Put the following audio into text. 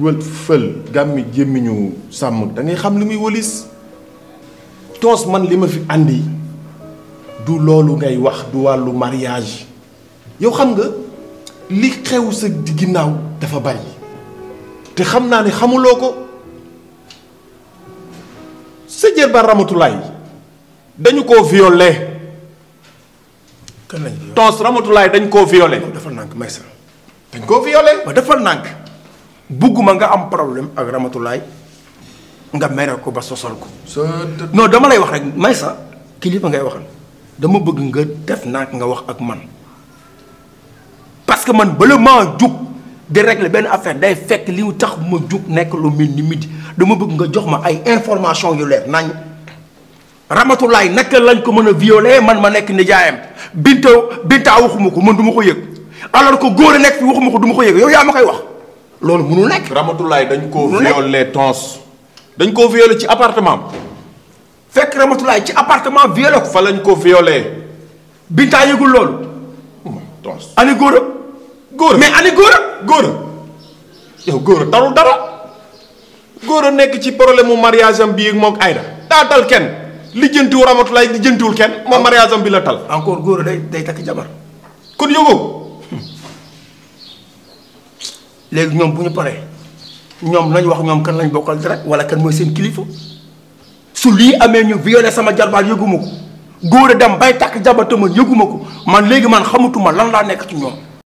wël fël gàmmi jémmiñu sàmm dangay xam li muy wëlis toos man li ma fi àndi du loolu ngay wax du wàllu mariage yow xam nga li xew sa ginnaaw dafa bari te xam naa ni xamuloo ko sa jër ba Ramatulaay dañu koo violé. kan lañ violé toos Ramatulaay dañ koo violé. dafa nànk may sa dañ koo violé. waaw dafa nànk. buguma nga am problème ak ramatulaay nga mere ko ba sosol ko non dama lay wax rek may sa kilifa ngay waxal dama bëgg nga def nak nga wax ak man parce que man ba le man djuk di régler ben affaire day fekk li tax ma djuk nek lu ni midi dama bëgg nga jox ma ay information yu leer nañ ramatulaay nak lañ ko mëna violer man ma nek nijaayam binto binta waxumako man duma ko yëg alors que goor nek fi waxumako duma ko yëg yow ya makay wax loolu mënul nekk. Ramatoulaye dañ koo violé tons dañ koo violé ci apartement fekk Ramatoulaye ci appartement violé ko. fa lañ ko violé. Binta yëgul loolu. Hmm, tons ani góor a. góor mais ani góor a. góor a yow góor a dara góor a nekk ci problème mu mariage am bii moom Aïda. daa dal kenn lijjantiwul Ramatoulaye lijjantiwul kenn moom mariage bi la tal. encore góor a day day takk jabar kon yëgoo. léegi ñoom bu ñu paree ñoom nañ wax ñoom kan lañ bokkal direct wala kan mooy seen kilifa su lii amee ñu violé sama jarbaat yëguma ko góor a dem bay tàkk jabatama yëguma ko man léegi man xamatuma lan laa nekk ci ñoom